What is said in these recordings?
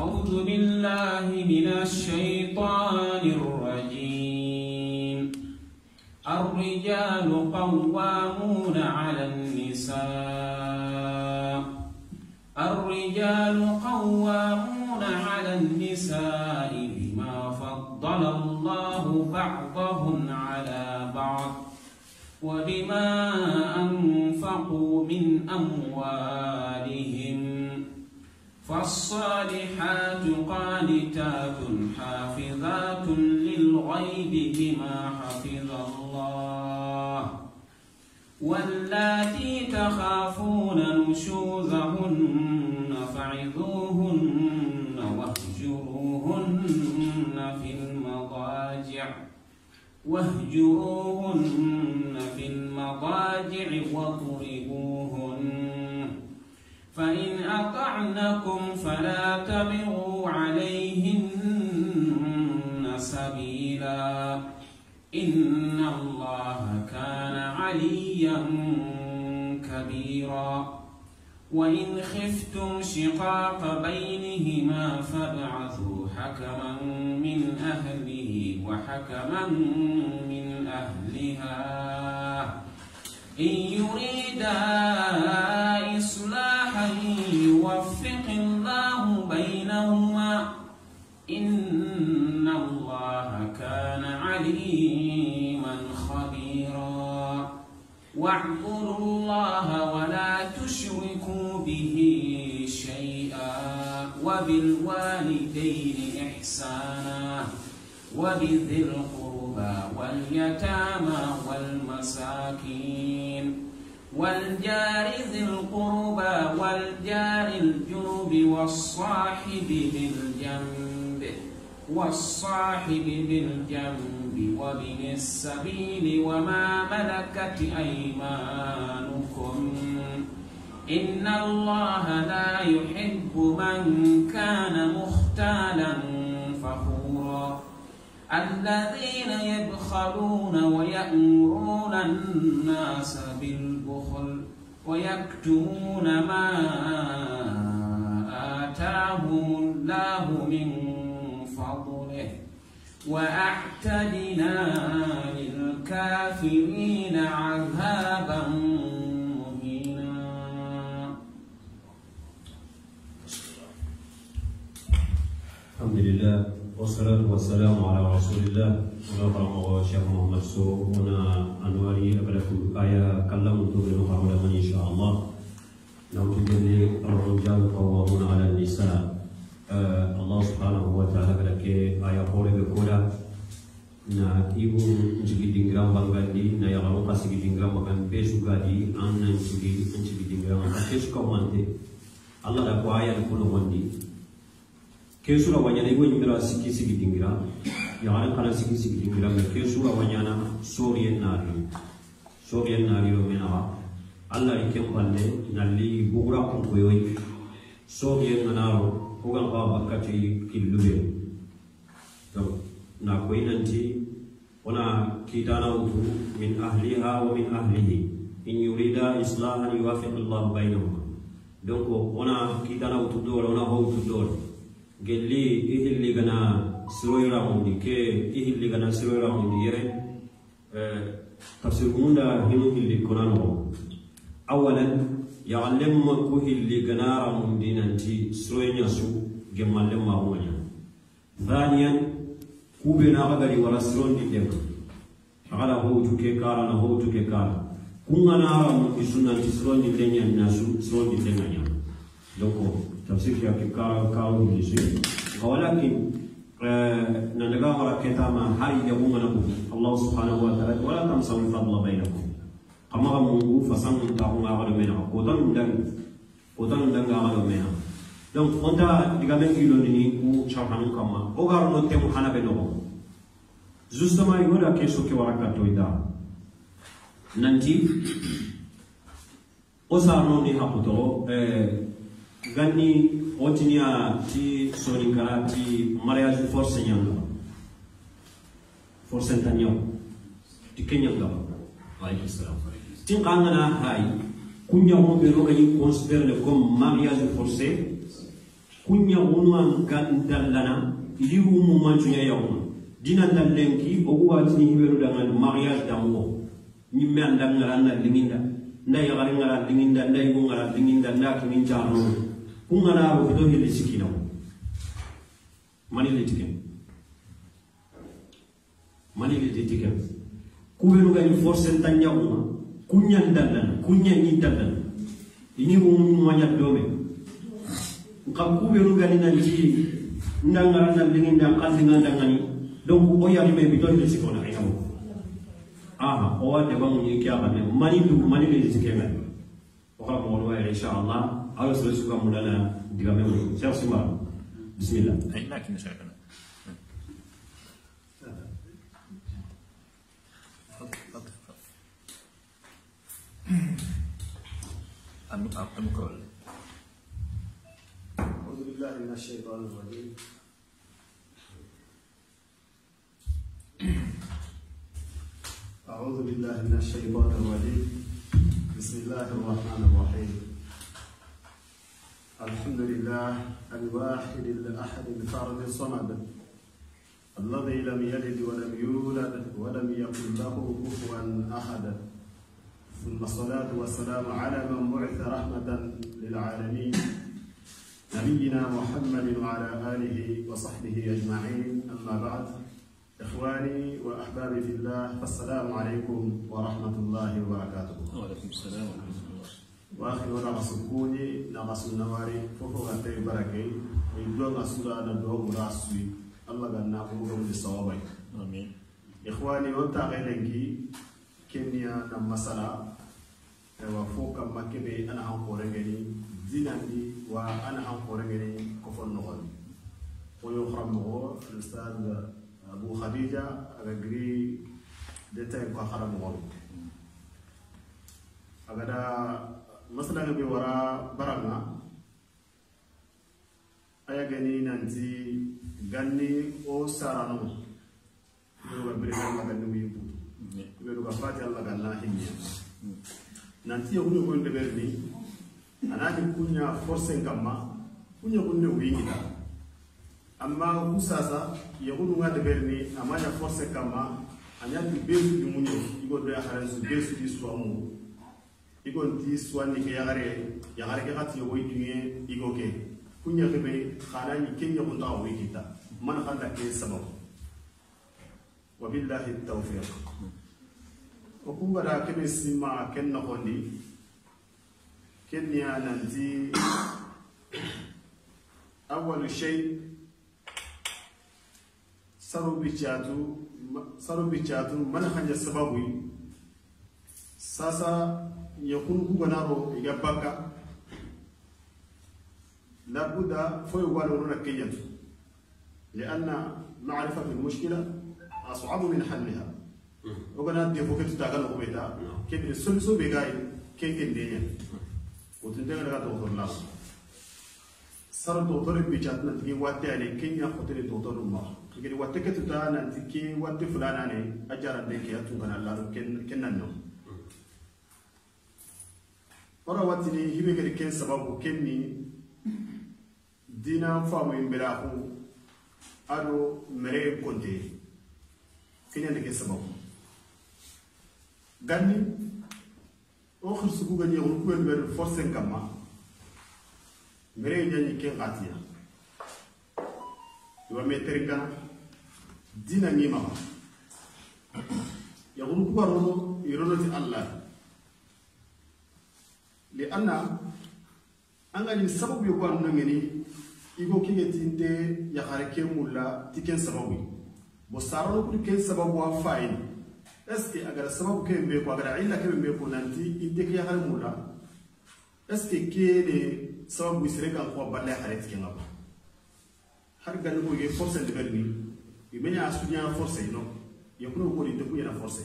أعوذ بالله من الشيطان الرجيم الرجال قوامون على النساء الرجال قوامون على النساء بما فضل الله بعضهم على بعض وبما أنفقوا من أموالهم فالصالحات قانتات حافظات للغيب بما حفظ الله واللاتي تخافون نشوزهن فعظوهن واهجروهن في المضاجع واهجروهن في المضاجع واضربوهن أطعنكم فلا تبغوا عليهن سبيلا إن الله كان عليا كبيرا وإن خفتم شقاق بينهما فابعثوا حكما من أهله وحكما من أهلها إن يريدا واعبدوا الله ولا تشركوا به شيئا وبالوالدين إحسانا وبذي القربى واليتامى والمساكين والجار ذي القربى والجار الجنب والصاحب بالجنب والصاحب بالجنب وبن السبيل وما ملكت أيمانكم إن الله لا يحب من كان مختالا فخورا الذين يبخلون ويأمرون الناس بالبخل ويكتمون ما آتاهم الله من فضل وأعتدنا للكافرين عذابا مهينا الحمد لله والصلاة والسلام على رسول الله ولا فرما وشيخ محمد سوء هنا أنواري أبلكم آية كلام تغلق على kesura wanyana iwe nyimira siki siki dingira yagare kala siki siki dingira me kesura wanyana sorien nari sorien nari o menawa alla ikem palle nalli bugura kunko yoy sorien nanaro ogan ba bakati killube to na koinanti wana kitana utu min ahliha wa min ahlihi in yurida islahan yuwafiq Allah bainahuma donc ona kitana utu dole ona ho utu dole gelli ihilli gana siroy raundi ke ihilli gana siroy raundi yere tafsir gunda hinu hilli kunano awalan yagallem ma ku hilli gana raundi nanti siroy nyasu gemallem ma wonya thaniyan kube na gagari wala sirondi dem agala hoju ke kara na hoju ke kara kungana raundi sunanti sirondi tenyan nyasu sirondi tenganya donc توصيفها كاوبليجي ولكن ننقاهر كتاما هاي يومنا الله سبحانه وتعالى ولا تنسوا الفضل بينكم قمر منغو فسان تاهم أغلو منها قوتن دن قوتن دن أغلو منها donc on ta diga men ilo nini ku chawhanu kama o garo no temu hana be no justement yoda keso ke waraka toida nanti o sarno ni hakuto eh Gani, otiniya ti soninkara ti mariage force ñangaba force nta ñaw ti ke ñangaba Islam. salam tin ka ngana hay kunyaxo ɓe no gañi considére le comme mariage forcé kunyaxunu an gan dallana ili umu mancuña yaxuma dina dallenki ogu watini hiɓenuɗangan mariage danwo ni an dangara an na liŋinda nda dinginda, ngara liŋinda nda yigu ngara liŋinda nda kimin kungana abo k i t o h i l e sikino manile tiken manile de tiken kubenu gani force tanya uma kunyan dalan kunyan ni dalan ini um manya dome ka kubenu gani na ji ndangara na lingi ndang kazinga ndangani donc o yari me bito hili sikona ina mo aha o wa de bangu ni kya bane manile manile tiken nag ka mo wa insha Allah على سوي سوكا مولانا ديما ميولي سير سمار بسم الله اي لكن شايفنا المقرر أعوذ بالله من الشيطان الرجيم أعوذ بالله من الشيطان الرجيم بسم الله الرحمن الرحيم الحمد لله الواحد الأحد الفرد الصمد الذي لم يلد ولم يولد ولم يكن له كفوا أحد ثم الصلاة والسلام على من بعث رحمة للعالمين نبينا محمد وعلى آله وصحبه أجمعين أما بعد إخواني وأحبابي في الله فالسلام عليكم ورحمة الله وبركاته وعليكم السلام ورحمة الله واخيرا ونا مسكوني نا مسنواري فوفو غتاي بركاي اي دو غسولا نا دو مراسوي الله غنا بوغو دي صوابي امين اخواني وانت غيرنكي كينيا نا مسالا ايوا مكبي انا هنقورنغني زيناندي وانا نغني ويخرم الاستاذ ابو خديجه اغري أبدا masalaga be wara baranga ayagani nanti ganni o sarano ɗoga birega alla ganni wiyimpu ɓe ɗoga fati allah ganna himmiya nanti yahune koyn ndeɓer ni anani kuña forcen kamma kuña kunne wiyiɗa amma ku sasa yahunuga ndeɓer ni amaña force kamma añati besuɗi muñe igoɗoya haren su besuɗi suwa mugu igon ti suwanni ke yagare yagare ke xati yogoy duye igo ke ku ɲaxibe xana ɲi ke ɲaxuntaxa woyi kita man xanta ke sababu wabillahi tawfiq o ku gada kebe sima ken noxondi ken niya nanti awalu shay saru bicatu saru bicatu man xanja sababuy sasa يكون بغنارو إيجا بكا لابد فوي والونا كيت لأن معرفة المشكلة أصعب من حلها وغنا دي فوكت تاغل قبيتا نعم. كيف السلسو بيغاي كيف الدنيا وتندغ لغا دكتور لاس صار دكتور بيجاتنا تجي واتي عليه كينيا خطر دكتور الله تجي واتكت تانا تجي واتي فلانا ني أجار ديكيا توغنا لا كن كننو hora watini hibegedi ken sababu kenni dina faamuyin beraku ado mere konte kenyande ken sababu ganni o xirsuguga ñeexul kuwen ber forcen kamma mere ñañi ken xatiya iwa me terigana dina ñimaxa yaxul kugarono ironoti allah le anna an ga sababu ye ko an nuna ŋeni i ko ke ge tin sababu ye bo sarano kuni ken sababu wa fa yini est sababu ke mbe ko a illa ke mbe ko nanti inte te ke yagare mul la est ke ne sababu sere kan ko balla yagare tiken ken ga har gani ko ye force ndebel ni i meña a force no yakuno ko ni te ku yena force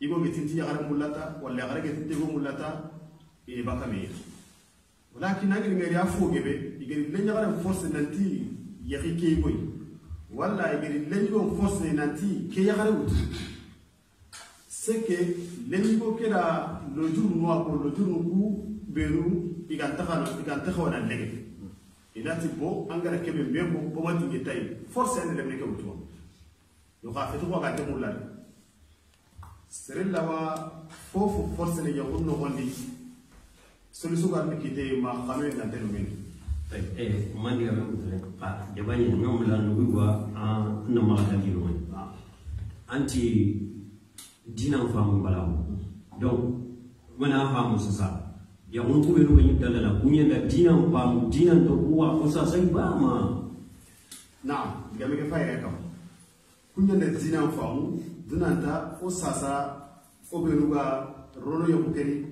i ko ge tin ti yagare mul ta walla yagare ge tinte te ko mul ta e bakame walakin nagiri ngari afo gebe igari lenyagara force nanti yaki ke boy walla igari lenyigo force nanti ke yagara wutu seke lenyigo kera lojuru nuwa ko lojuru ku beru igantakana igantakha wana lege inati bo angara kebe memo bo wati ngetai force ene lemne ke wutu yo ka fetu ko ga te mulala serella wa fofu force ne yakunno gondi solution ka mi kite ma xame na telu min tay ka diro man anti dina famu balawo donc mana famu sasa ya untu be no dalala kunya da dina famu dina to kuwa ko sasa ba na diga mi ka ka kunya da dina famu dunanta fo sasa obenu ga rolo yokukeri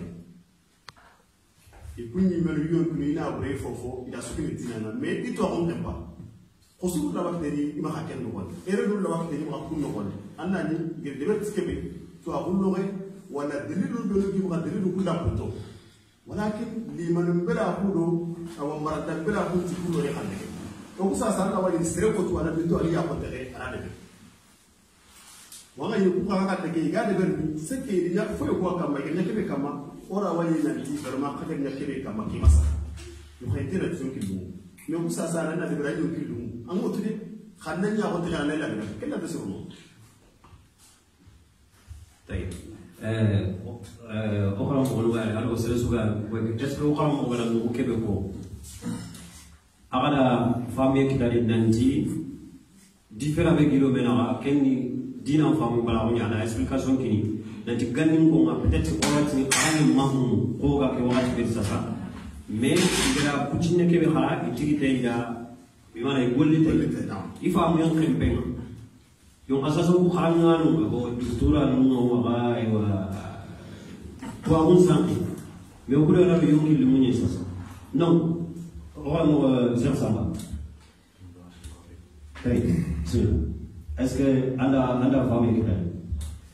ikuñi melu yo kuno ina bure fofo ida sukini tinana mais i to xonte ba ko su la wax ni ima ka ken no wala ere la wax ni ima ku no wala anna ni ngir de bet skebe to a bul loxe wala dalilu do gi ma dalilu ku la puto walakin li man bela ku do aw marata bela ku ti ku lo hande to sa sa la wali sere ko to ala bintu ali ya ko tere ala de wanga yi ku ka ka tege ga de ben sekke ya fo ko ka ma ke ne ke be kama ora wali na bi barma kata na kire ka maki masa yo khay tira tsun ki lu me ko sa sara na bi radio ki dum an mo tude khannan ya ko tira na la na kella da suru طيب اخرى مغلوبه على الوسيله سوغا وكتس اخرى مغلوبه وكبكو اغلا فامي كتاري نانتي ديفيرا بيغيلو منا كني دينا فامو بلا ونيا انا اسبيكاسيون كيني na tigganin ko nga peut-être orati ni qarani mahum ko ga ke wati be sasa mais ngira kucinne ke be khara itigi te ya bi mana golli te ifa mu yan kempe nga yo asasa ku khara nga no ko dustura no no wa ai wa to agun sanki mais ko le rabi yongi le munye sasa non on no zer sama tay est-ce que anda anda famille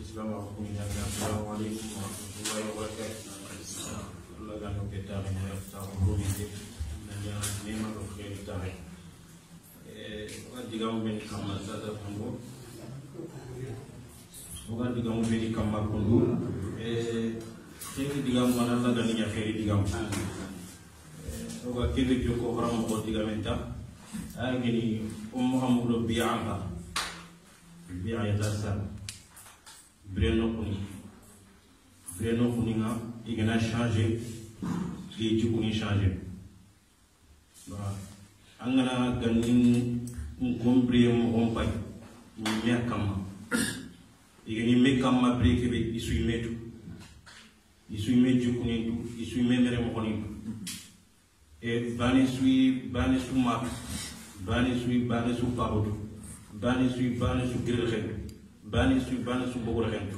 Islam Assalamualaikum warahmatullahi wabarakatuh kita ini kamar saja kamu bukan ini kamar ini bukan ini Breno koni. Breno koni an, i gena chanje, ki chanje. An gena genin koni priye mwen kompay, mwen me akamma. I geni me akamma priye kebek, i sou ime tou. I sou ime chanje tou, i sou ime mwen mwen koni. E banisou, banisou ma, banisou banisou pavotou, banisou banisou girejè, bani su bani su bogo len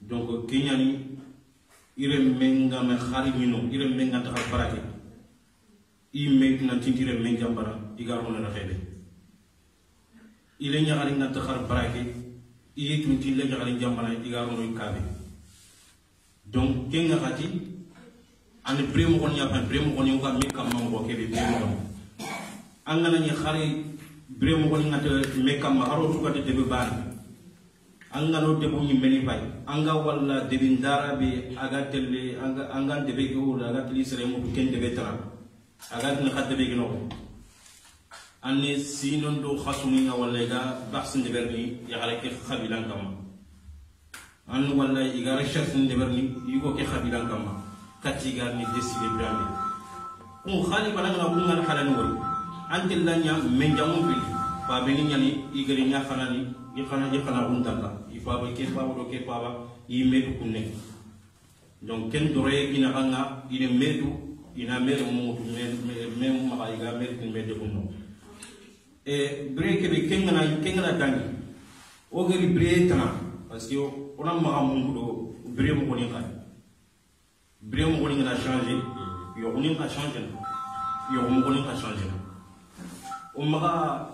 donc kenyani ire menga me khari mino ire menga ta barake i me na tintire menga bara igaro na khede ire nya khari na ta khar barake i tun tille nya khari jamana igaro no kabe donc kenga khati an primo kon ya pan primo kon yo ka me kam mo ko kebe primo an ngana nya khari bire mo woni ngata me kam haro tuga de debu ban anga no debu ni meni bay anga walla debu ndara be aga telle anga anga debe ko aga telle sere mo ken debe tara aga ni khadde be gno anni sinon do khasumi nga walla ga bahsin de berni ya gala ke khabilan kam an walla iga recherche de berni yugo ke khabilan kam katiga ni deside brami on khali balanga bungal halani wori antel lanya menjamu bil fabe ni ñani i gari ña xanani i xana i xana xuntanta i faba ke faba do ke faba i medu kunne donc ken doroye ina xanga ine medu ina mere mutu me maxa iga mere kun mede kunno e bire kebe ke ngana ke ngana dangi o gari bire tana parce que ona maxa mungu do bire mo goni xay bire mo goni ngana changer yo goni ngana changer yo mo goni ngana changer o maxa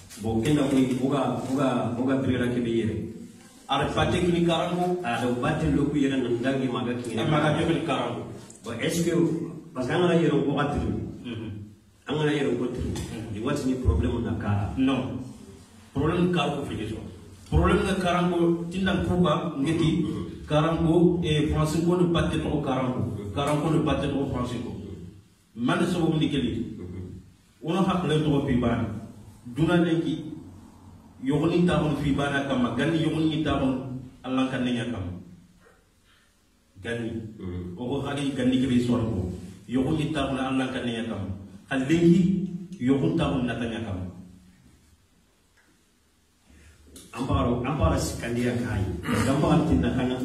bokenda kuni buga buga buga ke kebiyere ar batte kuni karamu ar batte loku yere nandangi maga kini maga jobel karamu bo eske parce que angana yere ko gatri angana yere ko tri di wati eh, kan mhm. kan mhm. ni problem na ka no problem ka ko fege jo problem na karamu tindan kuba ngeti mhm. karamu e eh, français ko no batte ko karamu karamu no batte ko français ko man so ko ni keli wono hakle to ko fi dunane ki yogoni taxun fi bana kamma ganni yogoni taxun allan kan ne ñakam ganni o ko xagi ganni ke be ko yogoni taxun allan kan ne ñakam xal lengi yogun taxun nata ñakam ambaro ambaro sikandia kai gambara tinna kana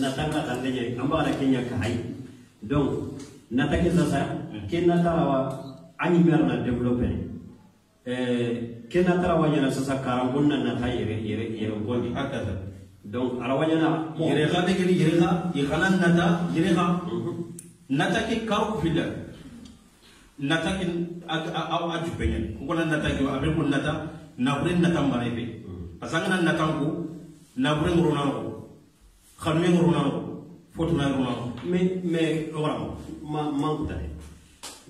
natanga tandenye ambara kenya kai donc nata sasa hmm. kenna tarawa animer na developer kenna tara wanyana sasa karangonna na ta yere yere yere gondi hakata donc ara wanyana yere ga de gari yere ga i khana nata yere ga nata ki karu filla nata ki aw aju benyen ko na nata ki abe ko nata na bure nata mare be pasanga na nata ko na bure ngoro na ko khanme ngoro na ko fotu na ngoro na me me ora ma ma ngutare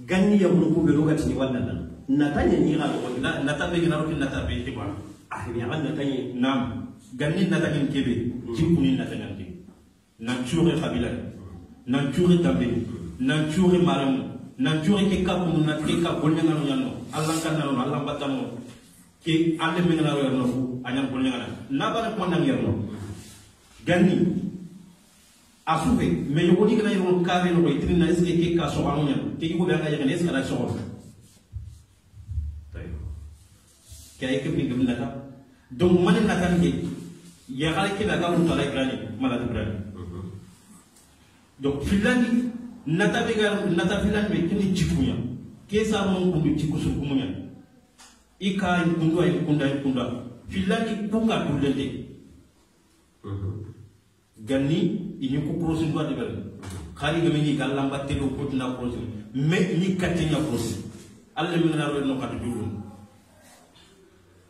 ganni ya mulu ko be lugati ni walla nan natanye ni ga ko na natabe ni naroki natabe ke ba ah ni ga natanye nam ganni natanye ke kebe ci kuni natanye ke nan cure kabila nan cure tambe nan cure maram nan cure ke ka kunu nan ke ka gonya ngano yano allah kan nano allah batamo ke alle men ngano yano anya gonya ngana na bana ko nan yano ganni afufe me yogoni kana yoro kare no ko itrina eske ke ka so anu nyano ke ko be anga yano eske na so Kaya ke mi gem dong donc man na ke ya kala kita la kan tala grani mala grani donc filani nata be nata filan be kini jikunya ke sa mo kundu kumunya ika kundu ay kunda ay kunda filani kunga dulende gani ini ku prosin do di bel khari gami ni galam batte do ko prosin me ni katinya prosin Allah menaruh nukat dulu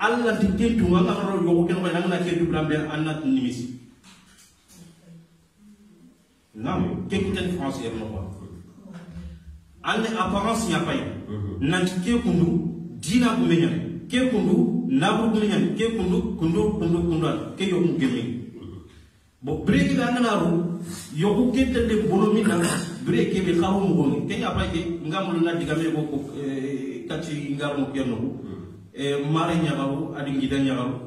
Allah di ke dunga nga ro yogo ken ko nangna ke dubra be anat nimisi nam ke kiten france yeb no anne apparence ya? pay nanti ke kundu dina ko menyan ke kundu nabru ko ke kundu kundu kundu kundu ke yogo gemi bo breki ga ngana ru yogo ke tende bolo min nan breki be xawu mo ngi ke nya pay ke ngamul na digame ko eh, kati ngar mari eh, mare ñagaru adi ngida ñagaru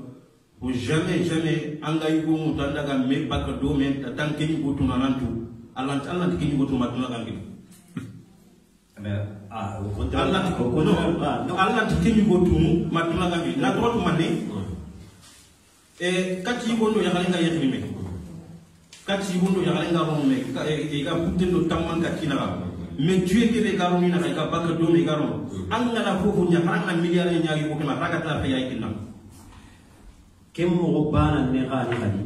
ko jamais jamais anga yugomu tanda ga me baka do men tan ke ñugo tuna nantu alanti alanti ke ñugo tuma tuna kan gidu ah, alanti ah, ke ma tuna kan mm. eh, kati ndo nga me kati ndo nga romu me tamman ka eh, kinaga mais Dieu ke be garu ni na ka baka do me garu an na na fo nya an na miliyar nya yi ko kana ta fa yayi kinna kem mo bana ne ga ni ga ni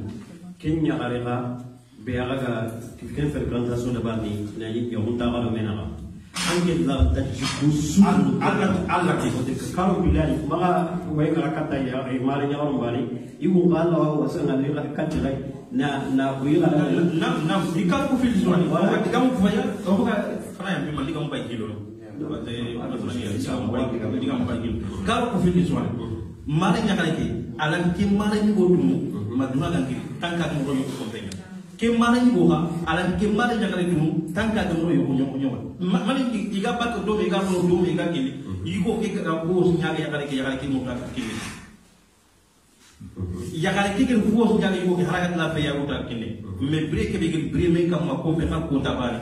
ken nya ga ga be ga ga ken fer kan ta so da ba na yi ya hunta ga do me na ga an ke la ta ji ku su Allah Allah ke ko te ka karu bilal ma ga wai ga ka ta ya ai ma nya ga ba ni i wo ga Allah wa sanan ni ga ka ta na na ku yi ga na na ka ku fi zuwa ni wa ka mu fa ya ko ga Fana yampi Malika mumpa hilo karo ko fini alam ke mara ni godum maduna kan ke tanka ko royo ko tenya ke mara ni goha alam dulu, mara nyakale dum tanka ko royo ko nyomo nyomo mani iga bato do iga no do iga ke igo ke ke yakale ke mo ta iya. ke yakale ke ke ko nyaka igo ke bari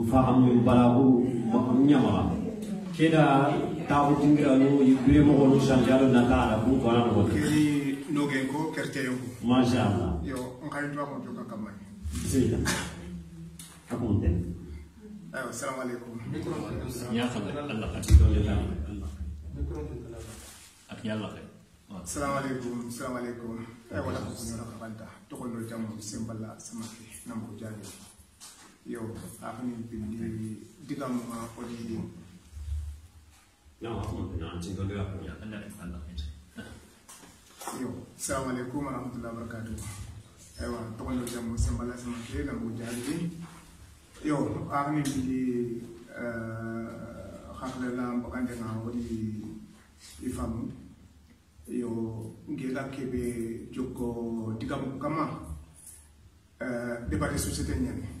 nfahamu balagu nyamala keda tabu tingiranu yibire mo gono sanjalo nakara ku kona no kiri nogengo kerte yongo mashallah yo ngai ntwa ko joka kamani sida akunte ayo assalamu alaikum ya khala allah qadito lillah ak yalla khay assalamu alaikum assalamu alaikum ay wala ko no kabanta to ko no jamu sembala samaki namu jani io aprono di digam oggi di yo salamu alaikum warahmatullahi wabarakatuh aiwa tɔgɔ dɔ jamu sanbala sama kile la mugu jaabi yo arini bili hakilila bagande na o di di faamu yo ngela kebe jogo digam kama uh, debate société ɲani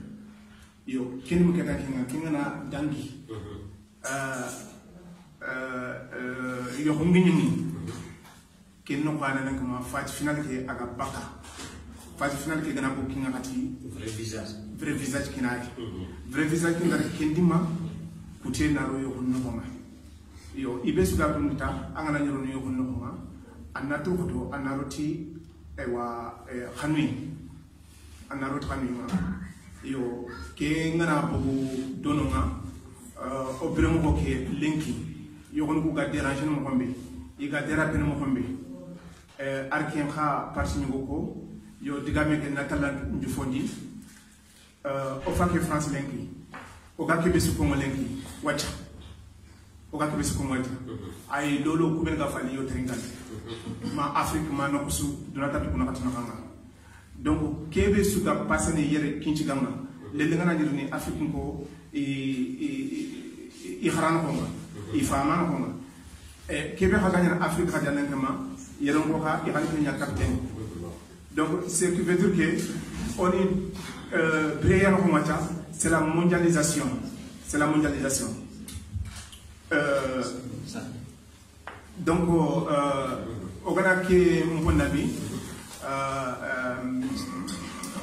yo ken mo keta kinga kinga na dangi mm-hmm. ah, ah, ah, yo hungi nyingi ken no kwana nan kuma fat final ke aga baka fat final ke gana ko kinga kati vrai visage vrai visage kina mm-hmm. vrai visage kina kendima kute na ro yo hunno kuma yo ibe suga dunta angana nyoro yo hunno kuma annato ko to annaroti ewa eh, khanui annaroti khanui ma yo ke ngana bu dono nga uh, o bere mo ke linki yo gon ku e eh, ga deranger mo xombe i ga déraper mo xombe euh arkem kha parti ni ko yo digame uh, ke natala njufondi euh o fakke france linki o ga ke besu ko linki wacha o ga ke besu ko wacha mhm. ay lolo ku ben ga fali yo tringal mhm. ma afrique ma nokusu donata ko na katana donc kébé suka passé né yéré kinci ganga lele ngana jiru ni afrique ko i haran ko nga i fama ko nga e kebe ha ganyana afrique ha jalen kama yere ko ha i halu nya capitaine donc c'est que veut dire que on est euh prière ko mata c'est la mondialisation c'est la mondialisation euh donc euh ogana ke mbo nabi euh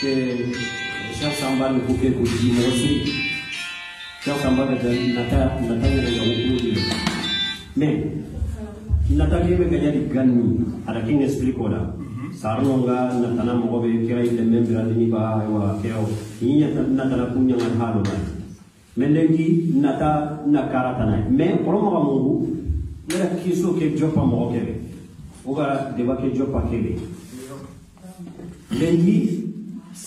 sɛr sanba ni ko kɛ ko di mɔgɔ si sɛr sanba ka da nata nata yɛrɛ ka wolo de la mɛ nata kɛ bɛ ka yali gan ni a da kin esprit kɔ la sarno ga natana mɔgɔ bɛ kira yi dɛmɛ birali ni ba ayiwa kɛra o ni natana kun ɲaga ha dɔ la mɛ lɛnki nata na kara tana ye mɛ kɔrɔ maga mungu ne ka kiso kɛ jɔ pa mɔgɔ kɛlɛ o ka deba kɛ jɔ pa kɛlɛ lɛnki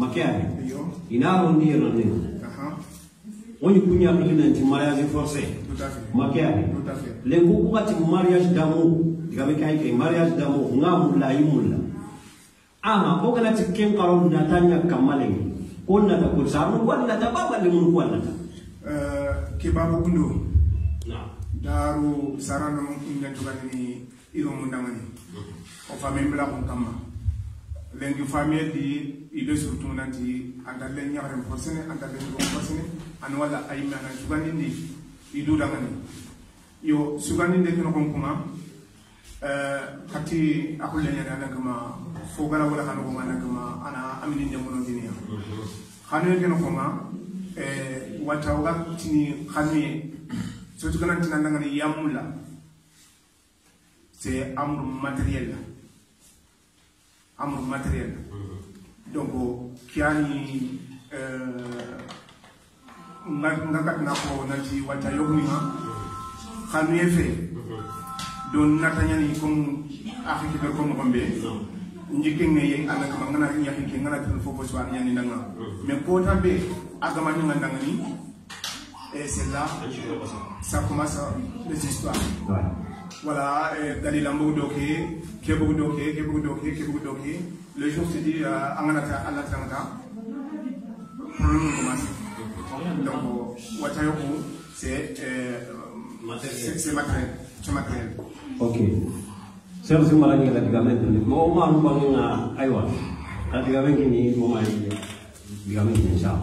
Makiari. Ina arrondi yelande. On punya kunya ilin ti mariage forcé. Makiari. Lengo kuwa Damu mariage ya d'amour. Digabe kai kai mariage ya d'amour ngamula imula. Aha, o kana ti ken karon na tanya kamale. Kon eh, na ta ko samu walla ta baba le mun ta. Eh ke babu kundo. Na. Daru sarana kunya tugani ni iro namani. Mhm. O famembla kun lengi famille di ibe surtout nanti anda len ñaxare fo sene anda len go fo sene an wala ay mana sugandi ndi idu dangani yo sugandi ndi kono kon kuma euh hatti akul len yana kama fo gara wala hanu ko mana kama ana amini ndi mono dini ya hanu kuma eh wata waga tini khani surtout kana tinanda ngani yamula c'est amru matériel amul matériel donc kiani ko euh, na ci wata yogni ma xanu ye fe don natanya ni kom afrique ber ko ngom be ndike ngey ala kama ngana yaki ke ngana tan fo bo boswa nyani nga mais ko tambe agama ni ngana ni et eh, c'est là ça commence les histoires voilà, d'aller Lambo Doké, Kebou Doké, Kebou Doké, Kebou Doké. Le jour c e s t dit Anganata Allah Tangata. Donc, Watayoko, c'est matériel. C'est matériel. Ok. Sero si mara nyingi katika mengi ni mo ma rumba nga aiwa katika mengi ni mo ma ni katika mengi ni sawa.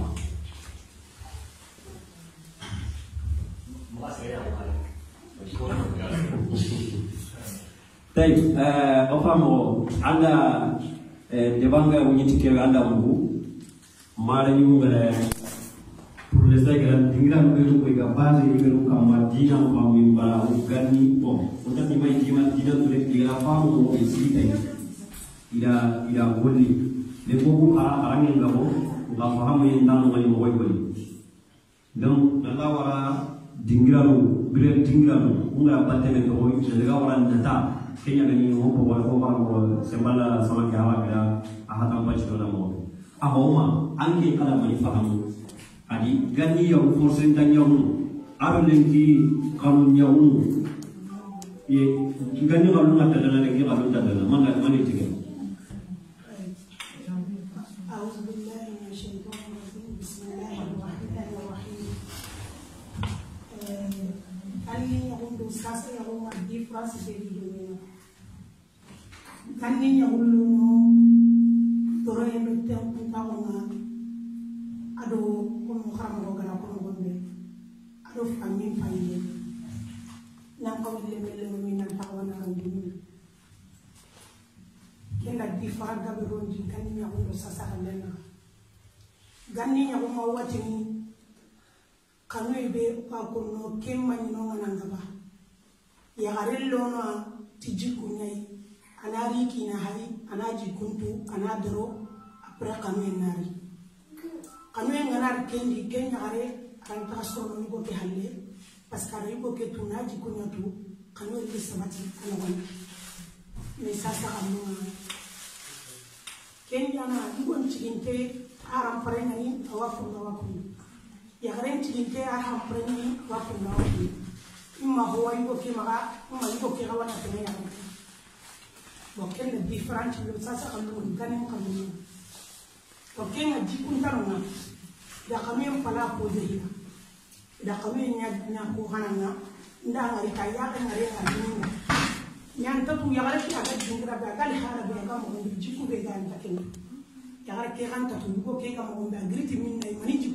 Mbasa ya mbali. طيب أفهمه على دبانغا ونيتك على مو ما رأيهم pour les aigrades dingira no ɓeto koy ga base iganu kamma dina ma min mbala o ganni bon o tanimay dima dina tore igara famumo e siitay ila ila golli le bogu ara arangel ga bo ga fahamoye ndanogali mogoy goli wara ah, dingira biriyan tinglam unga battene ko hoy je daga waran nata kayaknya gani ho ko wala ko sembala sama ke hawa ah ahata ba chiro na mo ahoma kala mai fahamu adi gani yang forsen dan yang, arlen ki kanun yo ya, gani kalun ta dana ne ki kalun ta dana man kanni ñahulluno toroyeɓe tenkutaxonga aɗo kono xaramoro gana kono gonɓe aɗo fami fayye nankawilemelemomi nantaxonaranduna kena difa gaɓeronji kanni ñahullo sasaralena ganni ñahuma watini xanoy ɓe oka konno ke mañinonga nangaɓa yaxarellona ti jikku ñayi أنا ريكي نهاي أنا جي كنتو أنا درو أبرا قانوين ناري قانوين غنار دي كين غاري كان تغسطو نيكو كي هالي بس كاري نيكو كي تو ناجي كنيا تو قانوين كي سماتي أنا وان ميساسا قانوين كيني أنا نيكو نتشكين تي أرام فريناني أوافر نواكوين يغرين تجين تي أرام فريناني أوافر نواكوين إما هو يبو كي مغا إما يبو كي غوانا تمينا وكان دي فرانش اللي بتساسا قلون كان يقلون وكان دي كنت رنا دا قميم فلا قوزيه دا قميم يا كوهانا دا غريكا يا غريكا ñaan tatu yagara ki aga jingira be aga lihara be aga mo ngi jikku be ga ntakeni yagara ke han tatu ko ke ga mo ngi agriti min nay mani